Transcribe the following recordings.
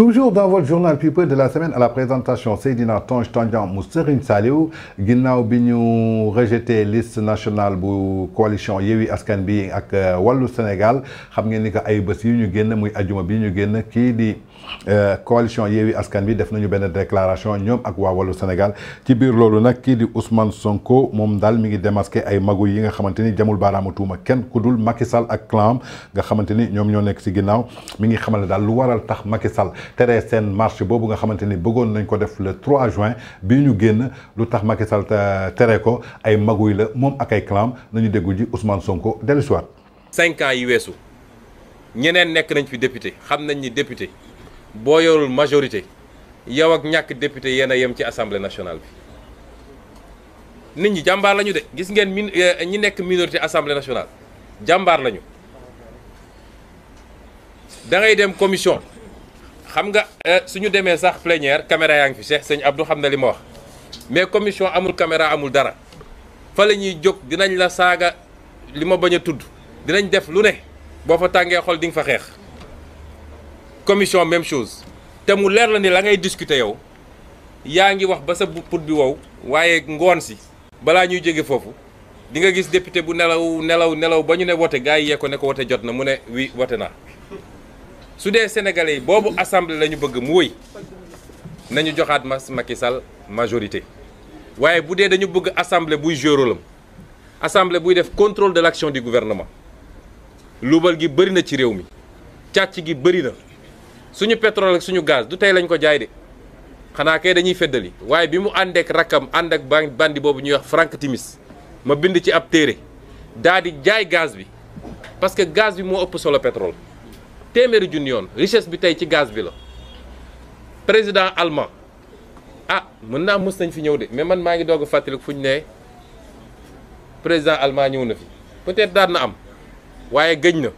Toujours dans votre journal papier de la semaine à la présentation Seydina Tange Tandian mu Serigne Saliou ginnaaw rejeté liste nationale bu coalition Yewi Askan Bi ak euh, Wallu Sénégal xam ngeen ni que ay bés yi ñu génn muy ajuma bi ñu di euh, coalition Yewi Askan Bi def nañu déclaration ñoom ak waa Wallu Sénégal ci biir loolu nak ki di Ousmane Sonko mom dal mi ngi démasqué ay magu yi nga xamanteni Jamoul jamul baaraamu ken kenn ku dul Macky Sall ak Clam nga xamanteni ñom ñoom ñoo nekk si ginnaaw mi ngi xamal dal lu waral tax Macky Sall tere seen marche boobu nga xamante ni bëggoon nañ ko def le trois juin bii ñu génn lu tax Macky Sall euh, tere ko ay maguy la moom ak ay clam nañu déggu ji Ousmane Sonko dellu siwaat cinquant yi weesu ñeneen nekk nañ fi député xam nañ ni député boo yorul majorité yow ak ñàkk député yéen a yem ci assemblée nationale bi nit ñi jàmbaar lañu de gis ngeen min euh, ñi nekk minorité assemblée nationale jàmbaar lañu dangay dem commission xam nga euh, suñu demee sax plénière caméra yaa ngi fi Cheikh sëñ Abdou xam na li ma wax mais commission amul caméra amul dara fa la ñuy jóg dinañ la saaga li ma bañ a tudd dinañ def lu ne boo fa tàngee xol di nga fa xeex commission même chose te mu leer la ni la ngay discuter yow yaa ngi wax ba sa put bi wow waaye ngoon si balaa ñuy jóge foofu di nga gis député bu nelaw nelaw nelaw ba ñu ne wote gars yee ko ne ko wote jot na mu ne wi wote naa su les sénégalais yi assemblée la bëgg mu woy. nañu majorité waaye boudé dañu bëgg assemblée buy assemblée contrôle de l'action du gouvernement luubal gi bëri na ci réew mi gi na suñu pétrole suñu gaz du lañ ko jaay de Xana kay dañuy fédali. bi mu ak bandi wax Frank Timis ma bind ci ab téré. di gaz parce que gaz bi un pétrole téeméeri junni yoon richesse bi tey ci gaz bi la président allemand ah mën naa mës nañ fi ñëw de mais man maa ngi doog a fàttaliku fu ne président allemand ñëw na fi peut-être daan na am waaye gëñ na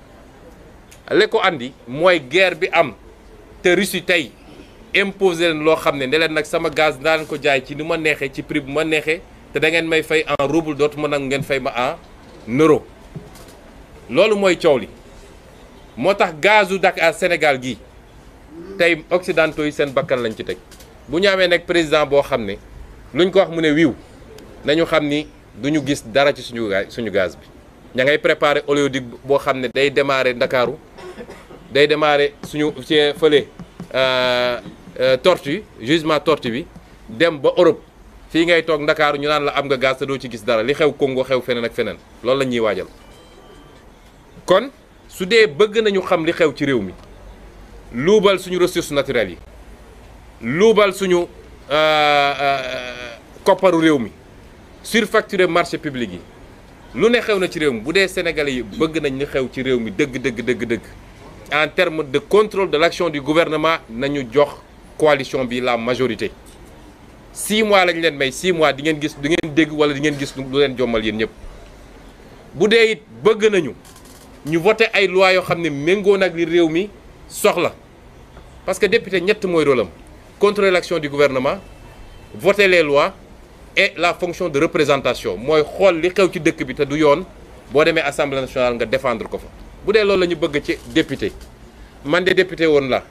li ko andi mooy guerre bi am te Russie tey imposé leen loo xam ne ne leen nag sama gaz daan ko jaay ci ni ma neexee ci prix bu ma neexee te da ngeen may fay en rouble dootuma nag ngeen fay ma en euro loolu mooy coow li. moo tax gazu Dakar Sénégal gi tey occidentaux yi seen bakkan lañ ci teg bu ñu amee nag président boo xam ne lu luñ ko wax mu ne wiw nañu xam ni duñu gis dara ci suñu suñu gaz bi ña ngay préparer oléoduc boo xam ne day démarrer Ndakaaru day démarrer suñu ci fële euh, euh, tortu justement tortue bi dem ba Europe fii ngay toog Ndakaaru ñu naan la am nga gaz te doo ci gis dara li xew Congo xew feneen ak feneen loolu la ñuy waajal su dee bëgg nañu xam li xew ci réew mi luubal suñu ressources naturelles yi luubal suñu euh, euh, kopparu réew mi surfacturer marché public yi lu ne xew na ci réew mi bu dee sénégalais yi bëgg nañ li xew ci réew mi dëgg dëgg dëgg dëgg en termes de contrôle de l'action du gouvernement nañu jox coalition bi la majorité six mois lañ leen may six mois di ngeen gis di ngeen dégg wala di ngeen gis lu leen jommal yéen ñëpp bu dee it bëgg nañu ñu voter ay loi yoo xam ne méngoo nag li réew soxla parce que député ñett mooy rôle am contrôler l'action du gouvernement voter les lois et la fonction de représentation mooy xool li xew ci dëkk bi te du yoon boo demee assemblée nationale nga défendre ko fa bu dee loolu la ñu bëgg ci député man de député woon la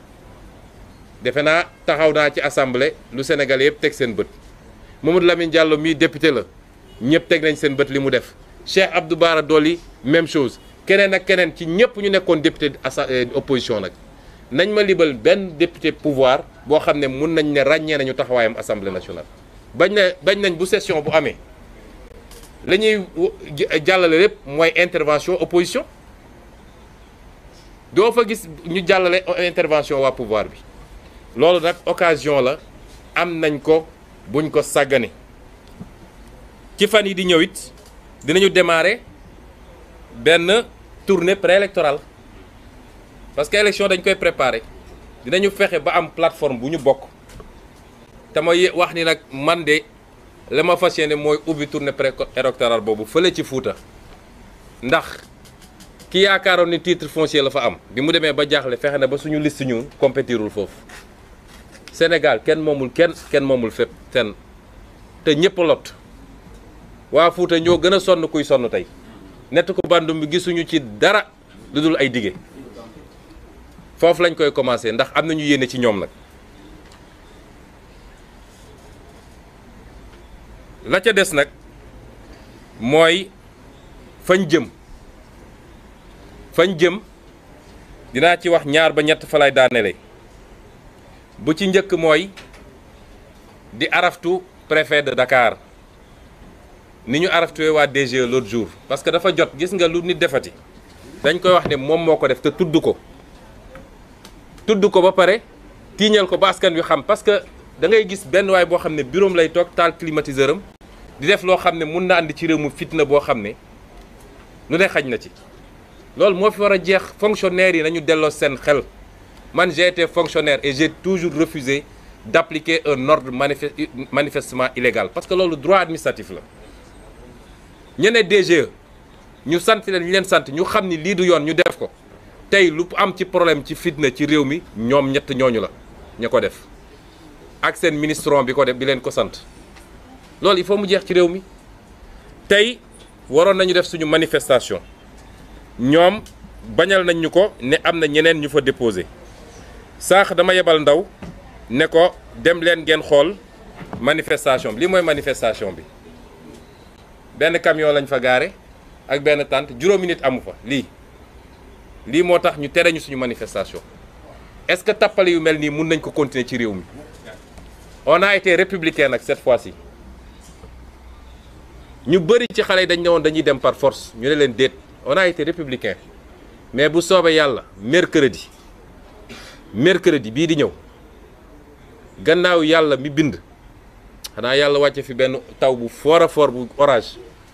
defe naa taxaw naa ci assemblée lu sénégalais yëpp teg seen bët Mamadou Lamine Diallo mii député la ñëpp teg nañ seen bët li mu def Cheikh Abdou Bara Dolly même chose keneen ak keneen ci ñepp ñu nekkoon député euh, opposition nak nañ ma libal ben député pouvoir bo xamné mën nañ né ragné nañu taxawayam assemblée nationale. bañ né bañ nañ bu session bu amé lañuy ñuy jàllale lépp intervention opposition do fa gis ñu jàllale intervention wa pouvoir bi loolu nak occasion la am nañ ko buñ ko sagané ci fan yi di ñëwit dinañu démarrer benn tournée préélectorale parce que élection dañ koy préparer dinañu fexe ba am plateforme bu ñu bokk te ma wax ni nag man de la ma fas yéene mooy ubbi tournée préélectorale boobu fële ci Fuuta ndax ki yaakaaroon ni titre foncier la fa am bi mu demee ba jaaxle fexe na ba suñu liste ñu compétirul foofu Sénégal kenn moomul kenn kenn moomul fépp ten te ñëpp lot waa Fuuta ñoo gën a sonn kuy sonn tey nett ku bandum bi gisuñu ci dara lu dul ay dige foofu lañ koy commencé ndax am nañu yéene ci ñoom nag la ca des nag mooy fañ jëm fañ jëm dinaa ci wax ñaar ba ñett fa lay bu ci njëkk mooy di araftu préfet de Dakar niñu ñu wa DG l'autre jour parce que dafa jot gis nga lu nit defati dañ koy wax ne mom moko def te tudd ko tudd ko ba paré tiñal ko ba askan wi xam parce que da ngay gis ben way bo xamné bureau lay tok tal climatiseuram di def lo xamné ne na andi ci réew fitna bo xamné ne lu ne xaj na ci loolu mo fi wara jeex fonctionnaires yi nañu dello sen xel man j'ai été fonctionnaire et j'ai toujours refusé d'appliquer un ordre manifestement illégal parce que loolu droit administratif la nous DGE nous sant leen ñu leen sant ñu ni nous du yoon ñu def ko tay lu am ci problème ci fitna ci Nous sommes la ñako def ak seen ministron bi ko def bi leen ko sant il faut mu jeex ci réew mi nañu def suñu manifestation ñom bañal nañ ne ñu fa déposer sax dama yebal ndaw ne ko dem leen manifestation manifestation benn camion lañu fa gaare ak benn tànt juróomi nit amu fa lii lii moo tax ñu tere ñu suñu manifestation est-ce que tappale yu mel nii mun nañ ko continuer ci réew mi on a républicain nag cette fois si ñu bëri ci xale yi dañ ne dañuy dem par force ñu ne leen déet on a républicain mais bu soobee yàlla mercredi mercredi bii di ñëw gannaaw yàlla mi bind xanaa yàlla wàcce fi benn taw bu fort a bu orage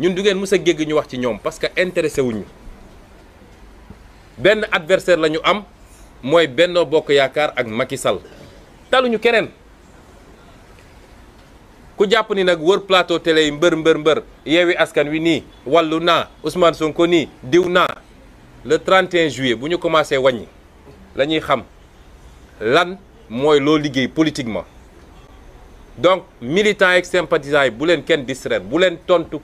ñun du ngeen mës a gégg ñu wax ci ñoom parce que intéressé wuñu benn adversaire la ñu am mooy Benno Bokk Yaakaar ak Macky Sall taluñu keneen ku jàpp ni nag wër plateau télé yi mbër mbër mbër yeewi askan wi nii wàllu naa Ousmane Sonko nii diw naa le 31 juillet bu ñu commencé wàññi lañuy xam lan mooy loo liggéey politiquement donc militants et sympathisants yi ne leen pas distraire tontu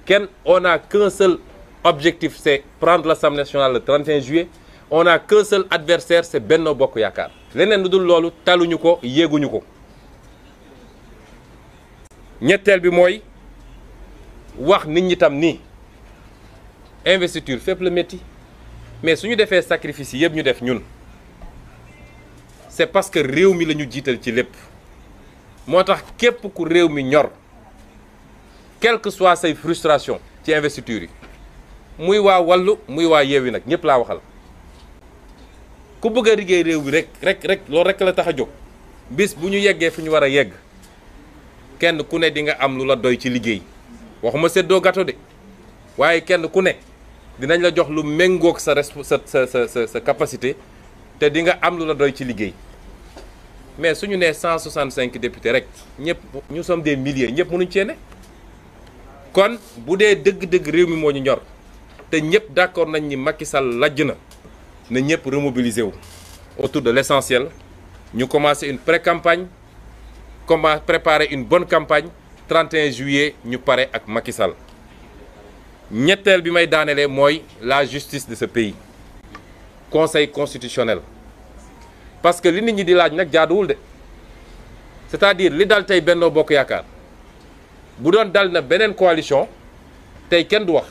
on a qu'un seul objectif c'est prendre l'Assemblée nationale le 31 juillet on a qu'un seul adversaire c'est Benno Bokk Ce leneen nous dul c'est taluñu ko nous ko Les bi mooy wax nit ñi tam ni investiture fait le métti mais suñu nous sacrifice yëpp ñu def ñun c'est parce que réew mi la ci motax ku réew ñor quel que soit ses frustration ci investiture muy wa muy wa yewi nak la waxal ku bëgg a bi rek rek rek vous rek la bis wara yegg kenn ku ne di nga am vous doy ci de waye kenn ku ne dinañ la jox lu mengok sa sa sa sa capacité di nga am doy mais si nous sommes 165 députés Nous sommes des milliers Nous sommes tous ne kon bu sommes dëgg-dëgg réew mi moo ñu ñor d'accord nañ Macky Sall nous sommes remobiliser autour de l'essentiel Nous commençons une pré-campagne comment préparer une bonne campagne 31 juillet nous sommes ak Macky Sall Nous bi may la justice de ce pays conseil constitutionnel parce que li nit ñi di laaj nag jaaduwul de c'est-à-dire li dal tey Benno Bokk Yaakaar bu doon dal na beneen coalition tey kenn du wax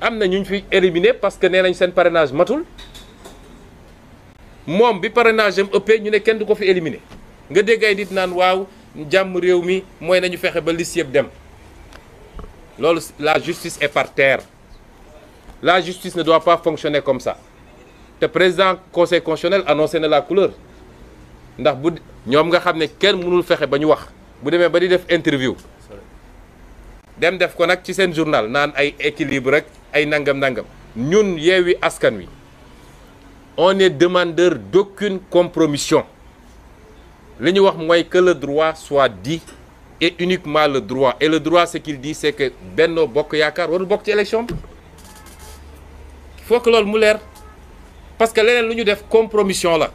am na ñu fi éliminé parce que nee nañ seen parrainage matul moom bi parrainage am ëppee ñu ne kenn du ko fi éliminé nga dégg ay nit naan waaw jàmm réew mi mooy nañu fexe ba liste yëpp dem loolu la justice est par terre la justice ne doit pas fonctionner comme ça le président conseil constitutionnel annoncé la couleur ndax nous savons nga ne mënul def interview dem def ko journal ay équilibre nangam-nangam on est demandeur d'aucune compromission Nous wax que le droit soit dit et uniquement le droit et le droit ce qu'il dit c'est que Benno Bokk élection il faut que l'on mu parce que leneen lu ñu def compromission la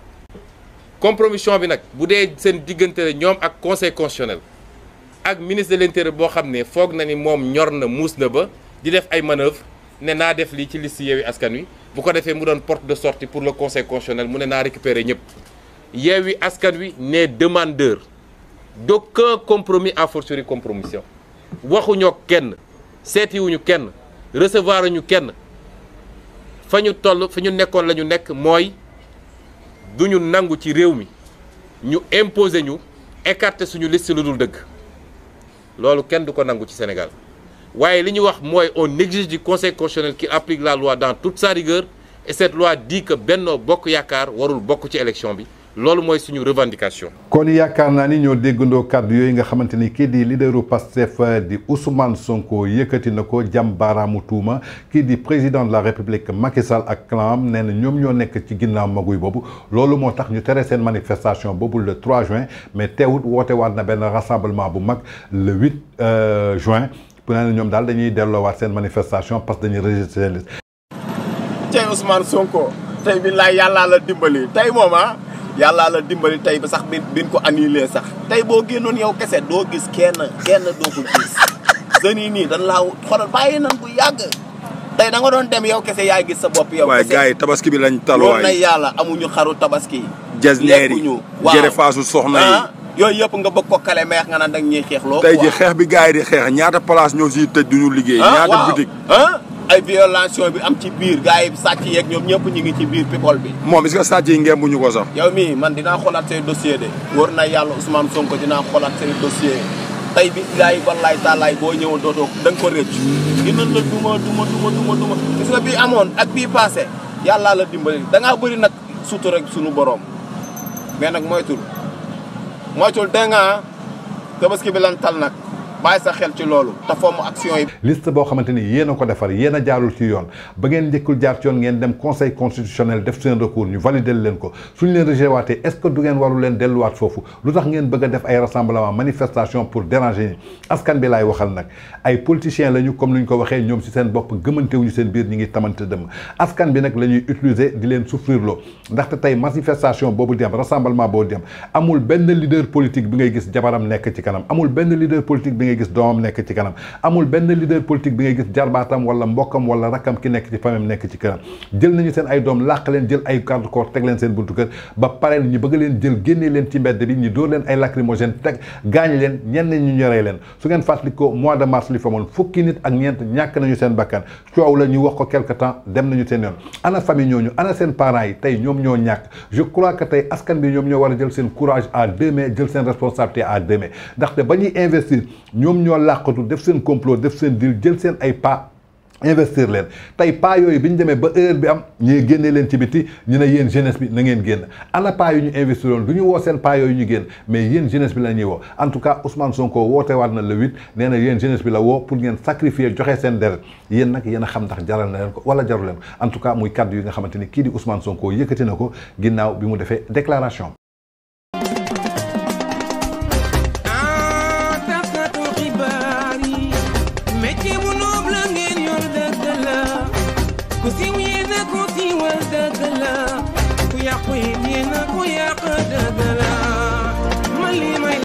compromission bi nag bu dee seen diggante la ñoom ak conseil constitutionnel ak ministre de l'intérieur boo xam ne foog na ni moom ñor na muus na ba di def ay manœuvres ne naa def lii ci liste Yewwi Askan Wi bu ko defee mu porte de sortie pour le conseil constitutionnel mu ne naa récupérer ñëpp Yewwi Askan Wi n'est demandeur d'aucun compromis à fortiori compromission waxuñoo kenn seetiwuñu kenn recevoir ñu kenn fañu ñu toll fa ñu nekkoon la ñu nekk mooy nangu ci rewmi ñu imposer ñu écarter suñu liste lu dul dëgg loolu kenn du ko nangu ci Sénégal waye liñu wax moy on exige du conseil constitutionnel qui applique la loi dans toute sa rigueur et cette loi dit que Benno Bokk Yaakaar warul bokk ci élection bi lolu moy suñu revendication. kon yakarna ni ñoo déggandoo cadre yoy nga xamanteni ni di leaderu Pastef euh, di Ousmane Sonko yëkëti nako ko jam baaraamu tuuma kii di président de la république Macky Sall ak clam nee ñom ñoo nekk ci ginnaw maguy bobu lolu moo tax ñu téré seen manifestation bobu le 3 juin mais téwut woté waat na ben rassemblement bu mag le 8 euh, juin pour ne ñom dal dañuy delloowaat seen manifestation parce dañuy rejeter tay Ousmane Sonko tay bi laay la dimbali mom ha ah, yàlla la dimbali tey ba sax bi bin ko annulé sax tey boo génnoon yow kese doo gis kenn kenn doo ko gis jeunes yi nii dañ laa xoolal bàyyi nañ bu yàgg tey da nga doon dem yow kese yaay gis sa bopp yow kese waaye yi tabaski bi lañ tal waay loolu yàlla amuñu xaru tabaski yi jasneer yi waaw jëre faasu soxna yi ah, yooyu yëpp nga bëgg ko kale meex nga naan da ñuy xeex loo tey ji xeex bi gars yi di xeex ñaata place ñoo siy tëj duñu liggéey ah, ñaata boutique ah? ay violation bi am ci biir gars yi sàcc yeeg ñoom ñëpp ñu ngi ci biir picol bi. moom est-ce que sàcc yi ngeen bu ñu ko sax. yow man dinaa xoolaat say dossier de. wóor na yàlla Ousmane Sonko dinaa xoolaat say dossier tey bi gars yi wallaay taalaay boo ñëwoon dootoo da nga ko rëcc. dinañ la duma duma duma duma duma gis nga bii amoon ak bii passé yàllaa la dimbali da ngaa bëri nag suutu rek sunu borom mais nag moytul moytul dégg nga tabaski bi lan tal nag. liste bo xamanteni ni ko defar yéen a jaarul ci yoon ba ngeen njëkkul jaar ngeen dem conseil constitutionnel def sen recours ñu valider leen ko suñ leen rejeté waté est-ce que du ngeen warul leen delluwaat foofu lu ngeen bëgg a def ay rassemblement manifestation pour déranger askan bi lay waxal nak ay politiciens lañu comme ni ko waxé ñom ci sen bop gëmante wuñu sen biir ñi ngi tamante dem askan bi nak lañuy utiliser di leen souffrir lo ndax tay manifestation bobu dem rassemblement bobu dem amul ben leader politique bi ngay gis jabaram nek ci kanam amul ben leader politique ngay gis doomam nekk ci kanam amul benn leader politique bi ngay gis jarbaatam wala mbokkam wala rakkam ki nekk ci famem nekk ci kanam jël nañu seen ay doom làq leen jël ay garde corps teg leen seen buntu kër ba pare ñu bëgg leen jël génnee leen ci mbedd bi ñu dóor leen ay lacrymogène teg gaañ leen ñenn ñu ñoree leen su ngeen fàttalikoo mois de mars li fa moon fukki nit ak ñeent ñàkk nañu seen bakkan coow la ñu wax ko quelque temps dem nañu seen yoon ana famille ñooñu ana seen parents yi tey ñoom ñoo ñàkk je crois que tey askan bi ñoo war a jël seen courage à deux mains jël seen responsabilité à deux ñoom ñoo làqatu def seen complot def seen deal jël seen ay pas investir leen tey pas yooyu bi ñu demee ba heure bi am ñuy génne leen ci biti ñu ne yéen jeunesse bi na ngeen génn ana pas yu ñu investir woon du ñu woo seen pas yooyu ñu génn mais yéen jeunesse bi la ñuy woo en tout cas Ousmane Sonko woote waat na le huit nee na yéen jeunesse bi la woo pour ngeen sacrifier joxe seen deret yéen nag yéen a xam ndax jaral na leen ko wala jaru leen ko en tout cas muy kàddu yi nga xamante ni kii di Ousmane Sonko yëkkati na ko ginnaaw bi mu defee déclaration.